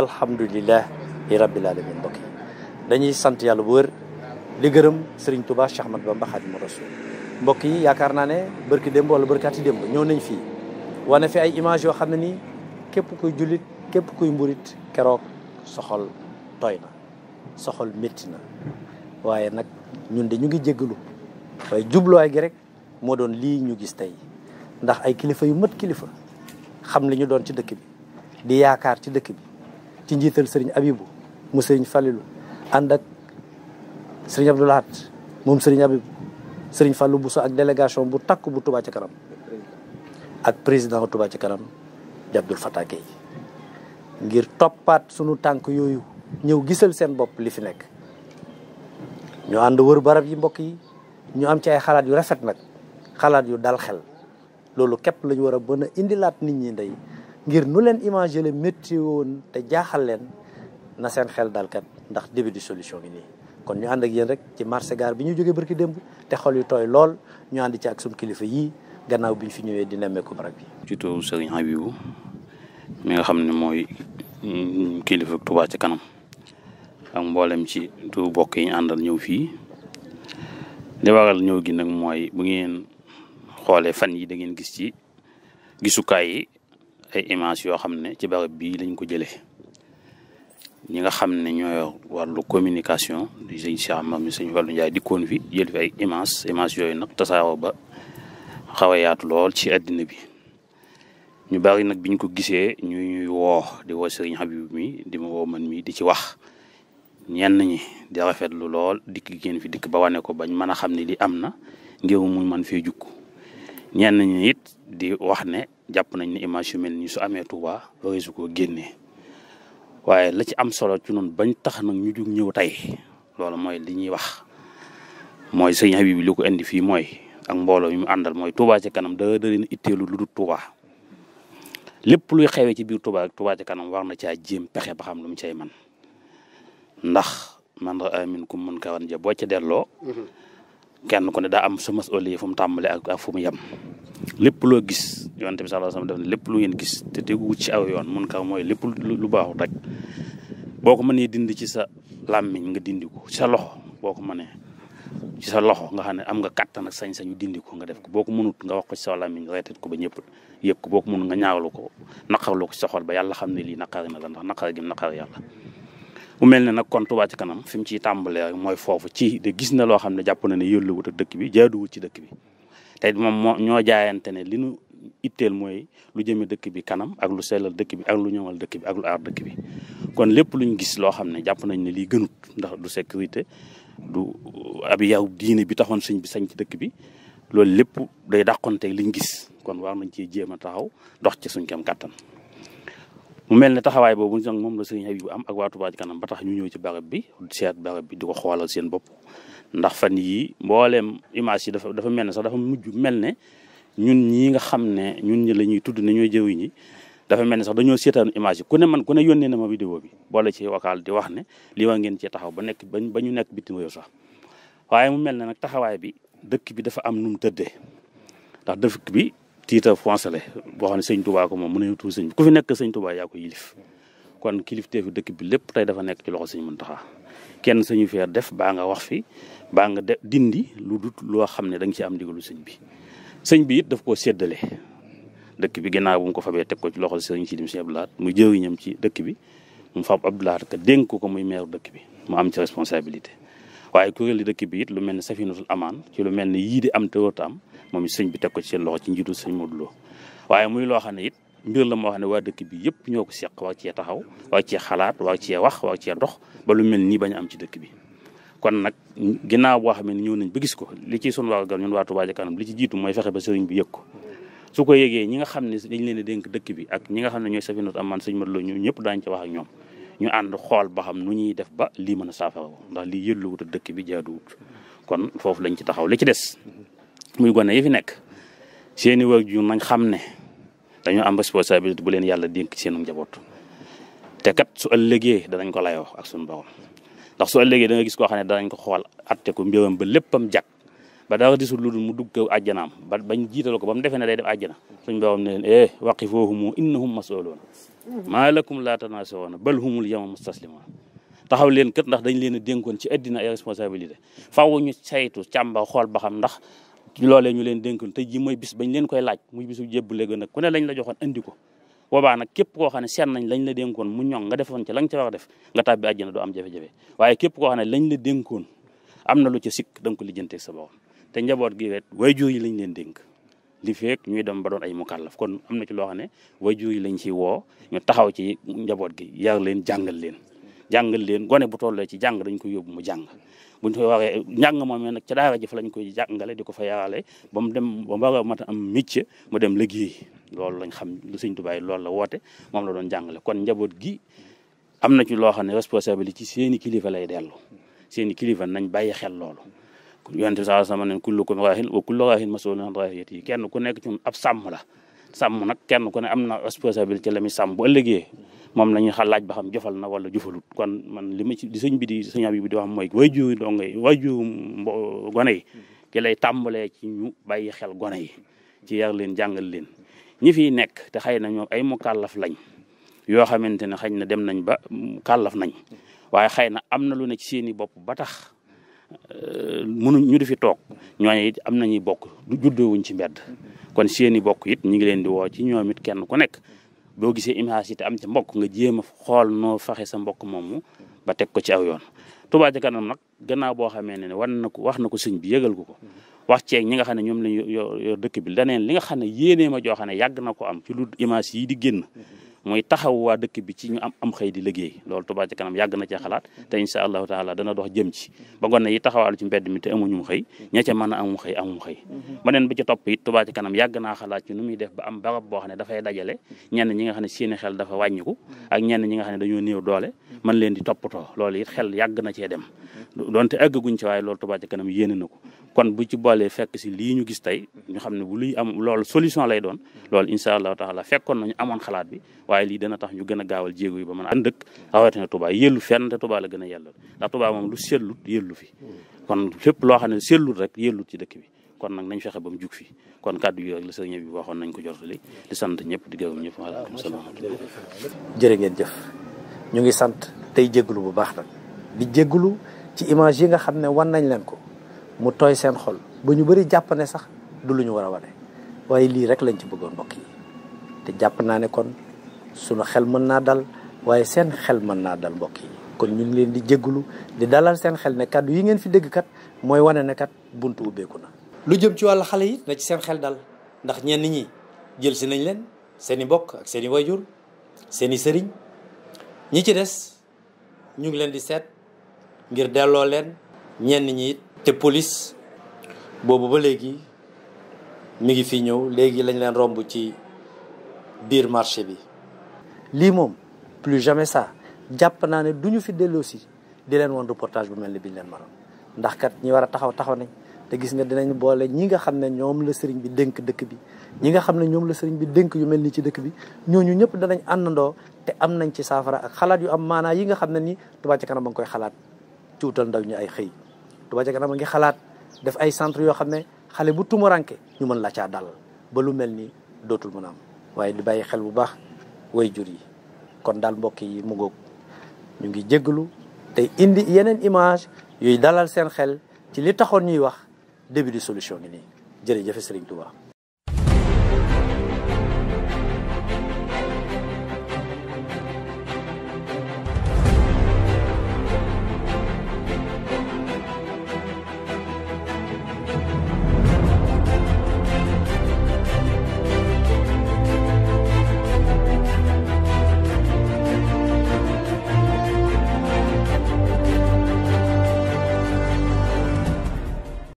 alhamdulilah i rabbil alamin mbokk yi dañuy sant yàlla bu wër di gërëm Serigne tubaa Cheikh Ahmad Bamba Khadimu Rasul mbokk yi yaakaar naa ne barki démb wala barkaati démb ñëw nañ fii wane fi ay image yoo xam ne nii képp kuy jullit képp kuy mburit keroog soxol tooy na soxol métti na waaye nag ñun de ñu ngi jéggalu waaye jubluwaay gi rek moo doon lii ñu gis tey ndax ay kilifa yu mët kilifa xam li doon ci dëkk bi di yaakaar ci dëkk bi ci njiital sëriñ Abibu mu sëriñ Falilu ànd ak sëriñ Abdou moom sëriñ Abibu sëriñ Fallou Bousso ak délégation bu takk bu Touba ci kanam ak président Touba ci kanam di Abdoul Fattah ngir toppaat sunu tànk yooyu ñëw gisal seen bopp li fi nekk ñu ànd war barab yi mbokk yi ñu am ci ay xalaat yu rafet nag xalaat yu dal xel loolu képp la ñu war a mën a indilaat nit ñi ndey ngir nu leen imagé le métti te jaaxal leen na seen xel dalkat ndax début di solution bi nii kon ñu ànd ak yéen rek ci marché gaar bi ñu jógee barki démb te xol yu tooy lool ñu ànd ci ak suñu kilifa yii gannaaw bi ñu fi ñëwee di nemmeeku barab bi. ci turu Serigne Habibou mi nga xam ne mooy kilifa Touba ci kanam ak mboolem ci turu bokk yi ñu àndal ñëw fii li waral ñëw gi nag mooy bu ngeen xoolee fan yi dangeen gis ci gisukaay yi. ay image yoo xam ne ci barab bii lañ ko jëlee ñi nga xam ne ñooy wàllu communication di sëñ Cheikh Mame mi sëñ Fallou Ndiaye dikkoon fi jël fi ay image image yooyu nag tasaaroo ba xaw lool ci àddina bi ñu bari nag biñ ko gisee ñu ñuy woo di woo sëriñ Habib mi di ma woo man mi di ci wax ñenn ñi di rafetlu lool dikk gi fi dikk ba wane ko bañ mën a xam ne di am na ngir mu mën fee jukk ñenn ñi it di wax ne jàpp nañ ne image yu mel nii su amee Touba looy su ko génnee waaye la ci am solo ci noonu bañ tax nag ñu jug ñëw tey loolu mooy li ñuy wax mooy sëñ Habib bi li ko indi fii mooy ak mbooloo yu mu àndal mooy tubaa ci kanam da da leen itteelu lu du tubaa lépp luy xewee ci biir tubaa tubaa ci kanam war na caa jéem pexe ba xam lu mu cay man ndax man ra amin kum mën kawan ja boo ca delloo mhm. kenn ku ne daa am sa mas'uliya fu mu tàmbale ak ak fu mu yem lépp loo gis yonent bi sallallahu alayhi wasallam lépp lu ngeen gis te tegu ci aw yoon mun ka mooy lépp lu baaxul rek boo ko mënee dindi ci sa làmmiñ nga dindi ko ci sa loxo boo ko mënee ci sa loxo nga xam ne am nga kattan ak sañ-sañu dindi ko nga def ko boo ko mënut nga wax ko sa làmmiñ nga ko ba ñëpp yëg ko boo nga ñaawlu ko naqarlu ko ci sa xol ba yàlla xam ne lii naqari na la ndax naqar gi naqar yàlla mu mel ne nag kon Touba ci kanam fi mu ciy tàmbalee mooy foofu ci gis na loo xam ne jàpp na ne la ak dëkk bi jaaduwul ci dëkk bi tey moom moo ñoo jaayante ne li nu itteel mooy lu jëme dëkk bi kanam ak lu sellal dëkk bi ak lu ñëwal dëkk bi ak lu aar dëkk bi kon lépp luñ gis loo xam ne jàpp nañ ne lii gënut ndax du sécurité du ab yaw diine bi taxoon sëñ bi sañ ci dëkk bi loolu lépp day dàqonteeg liñ gis kon war nañ ci jéem a taxaw dox ci suñ kam kàttan mu mel ne taxawaay boobu nag moom la sëriñ Habib am ak waa Touba Kanam ba tax ñu ñëw ci barab bi seet barab bi di ko xoolal seen bopp ndax fan yii mbooleem image yi dafa dafa mel ne sax dafa mujj mel ne ñun ñii nga xam ne ñun ñi la ñuy tudd ne ñooy jëwi ñi dafa mel ne sax dañoo seetaan image yi ku ne man ku ne yónnee na ma vidéo bi boole ci vocal di wax ne lii wax ngeen cee taxaw ba nekk ba ñu nekk bitim réew sax waaye mu mel ne nag taxawaay bi dëkk bi dafa am nu mu tëddee ndax dëkk bi tiita foncé la boo xam ne sëñ Touba ko moom mënuñu tuuti sëñ bi ku fi nekk sëñ Touba yaa ko yilif kon kilifteefu dëkk bi lépp tey dafa nekk ci loxo sëñ Muntaxa kenn sañu feer def baa nga wax fi baa nga de dindi lu dut loo xam ne da ci am ndigalu sëñ bi sëñ bi it daf ko séddale dëkk bi ginnaaw bu mu ko fabee teg ko ci loxo sëñ si dim si Abdou Lahad mu jëwiñam ci dëkk bi mu fab Abdou Ka dénk ko muy maire dëkk bi mu am ci responsabilité waaye kuréel li dëkk bi it lu mel ne safinatul amaan ci lu mel ni yii di am te wërta moom i sëñ bi teg ci seen loxo ci njiitu sëñ Modou Lo waaye muy loo xam ne it mbir la moo xam ne waa dëkk bi yëpp ñoo ko seq waa cee taxaw waa cee xalaat waa cee wax cee dox ba lu mel nii bañ am ci dëkk bi kon nag ginnaaw boo xam ne ñëw nañ ba gis ko li ci sunu waa gal ñun waa kanam li ci jiitu mooy fexe ba sëriñ bi yëg ko su ko yëgee ñi nga xam ne dañ leen a dëkk bi ak ñi nga xam ne ñooy safinatu amaan sëñ Modou Lo ñu ñëpp daañ ci wax ak ñoom ñu ànd xool ba xam nu ñuy def ba lii mën a saafara ndax lii yëlluwut dëkk bi jaaduwut kon foofu lañ ci taxaw li ci des muy gone yi fi nekk seeni waajur nañ xam ne dañoo am responsabilité bu leen yàlla dénk ci seenu njaboot te kat su ëllëgee danañ ko layoo ak sun borom ndax soo ëllëgee da gis koo xam ne danañ ko xool atte ko mbiram ba léppam jag ba dara disul lu dul mu dugg àjjanaam ba bañ jiital ko ba mu defee ne day def àjjana suñu borom ne leen eh waqifuhum innahum mas'uluun maa lakum laa tanaasawna bal humul yawma mustaslimuun taxaw leen kat ndax dañ leen a dénkoon ci addina ay responsabilité faaw loolee ñu leen dénkoon te ji mooy bis bañ leen koy laaj muy bisu jébbale ga nag ku ne lañ la joxoon andi ko boobaa nag képp koo xam ne seet nañ lañ la dénkoon mu ñoŋ nga defoon ci la nga ca wax def nga tàbbi àjjana doo am jafe-jafe waaye képp koo xam ne lañ la dénkoon am na lu ca sikk da nga ko lijjanteeg sa bopp te njaboot gi wet waajur yi lañ leen dénk li feek ñuy dem ba doon ay mukallaf kon am na ci loo xam ne waajur yi lañ ci woo ñu taxaw ci njaboot gi yar leen jàngal leen jàngal leen gone bu tollee ci jàng dañ koy yóbbu mu jàng buñ koy waxee njàng moom nag ca daara jëf lañ koy jàngale di ko fa yarale ba mu dem ba mu war a am métier mu dem liggéey loolu lañ xam lu sëñ Tuubaa loolu la woote moom la doon jàngale kon njaboot gi am na ci loo xam ne responsabilité seeni kilifa lay dellu seeni kilifa nañ bàyyi xel loolu yonent bi sallallahu alayhi wa sallam ne kullukum raahin wa kullu raahin mas'uulun an kenn ku nekk ci ab sàmm la sàmm nag kenn ku ne am na responsabilité la muy sàmm bu ëllëgee moom la ñuy xal laaj ba xam jëfal na wala jëfalut kon man li ma ci li sëñ bi di sëñ bi di wax mooy waajur ndongo yi waajur lay tàmbalee ci ñu bàyyi xel gone yi ci yar leen jàngal leen ñi fi nekk te xëy na ñoom ay mu kàllaf lañ yoo xamante ne xëy na dem nañ ba mm, kàllaf nañ waaye xëy na lu ne seeni bopp ba mënu ñu di fi toog ñooñu it am nañuy bokk du juddoowuñ ci mbedd kon seen i bokk it ñu ngi leen di woo ci ñoom it kenn ku nekk boo gisee image yi te am ca mbokk nga jéem a xool noo faxe sa mbokk moomu ba teg ko ci aw yoon Touba Ca Kanam nag gannaaw boo xamee ne ne wan na ko wax na ko sëñ bi yëgal ko ko wax cee ñi nga xam ne ñoom lañ yo dëkk bi leneen li nga xam ne yéenee ma joo xam ne yàgg na ko am ci lu image yi di génn mooy taxaw waa dëkk bi ci ñu am am xëy di liggéey lool Touba ci kanam yàgg na cee xalaat te incha allahu taala dana dox jëm ci ba ngoon ne yi taxawaalu ci mbedd mi te amuñu xëy ña ca mën a amum xëy amum xëy mhm. beneen bi ci topp it Touba ci kanam yàgg naa xalaat ci nu muy def ba am barab boo xam ne dafay dajale ñenn ñi nga xam ne seeni xel dafa wàññiku mhm. ak ñenn ñi nga xam ne dañoo néew doole man mhm. leen di toppatoo lool it xel yàgg na cee dem donte àggaguñ ci waaye loolu Touba ci kanam yéene na ko kon bu ci boolee fekk si lii ñu gis tey ñu xam ne bu luy am loolu solution lay doon lool loolu incha allahu taala fekkoon nañu amoon xalaat bi waaye lii dana tax ñu gën a gaawal jéego yi ba mën a ànd dëkk rawatina Touba yellu fenn te Touba la gën a yellal ndax Touba moom lu sellut yellu fi kon lépp loo xam ne sellut rek yellut ci dëkk bi kon nag nañ fexe ba mu jug fi kon kàddu yi rek la sëriñ bi waxoon nañ ko jotali di sant ñëpp di gërëm ñëpp waaleykum salaam jërë ngeen jëf ñu ngi sant tey jégalu bu baax nag di jégalu ci image yi nga xam ne wan nañ leen ko mu tooy seen xol ba ñu bari jàpp ne sax du lu ñu war a wane waaye lii rek lañ ci bëggoon mbokk te jàpp naa ne kon sunu xel mën naa dal waaye seen xel mën naa dal mbokk kon ñu ngi leen di jéggulu di dalal seen xel ne kàddu yi ngeen fi dégg kat mooy wane ne kat buntu ubbeeku na. lu jëm ci wàllu xale yi na ci seen xel dal ndax ñeen ñenn ñi jël si nañ leen seen i mbokk ak seen i seeni sëriñ ñi ci des ñu ngi leen di seet ngir delloo leen ñenn ñi it te police boobu ba léegi mu ngi fi ñëw léegi lañ leen romb ci biir marché bi. lii moom plus jamais ça jàpp naa ne du ñu fi delloosi di leen woon reportage bu mel ni biñ leen maroon ndax kat ñi war a taxaw taxaw nañ te gis nga dinañ boole ñi nga xam ne ñoom la sëriñ bi dënk dëkk bi. ñi nga xam ne ñoom la sëriñ bi dënk yu mel nii ci dëkk bi ñooñu ñëpp danañ àndandoo te am nañ ci saafara ak xalaat yu am maanaa yi nga xam ne nii Touba ci kanam ba nga koy xalaat ci wutal ndaw ay xëy. Touba ca kanam a ngi xalaat def ay centre yoo xam ne xale bu tumuranke ñu mën la caa dalal ba lu mel ni dootul mën am waaye di bàyyi xel bu baax way jur yi kon daal mbokk yi mu ngoog ñu ngi jégalu te indi yeneen image yuy dalal seen xel ci li taxoon ñuy wax début de solution ngi nii jërëjëf Serigne Touba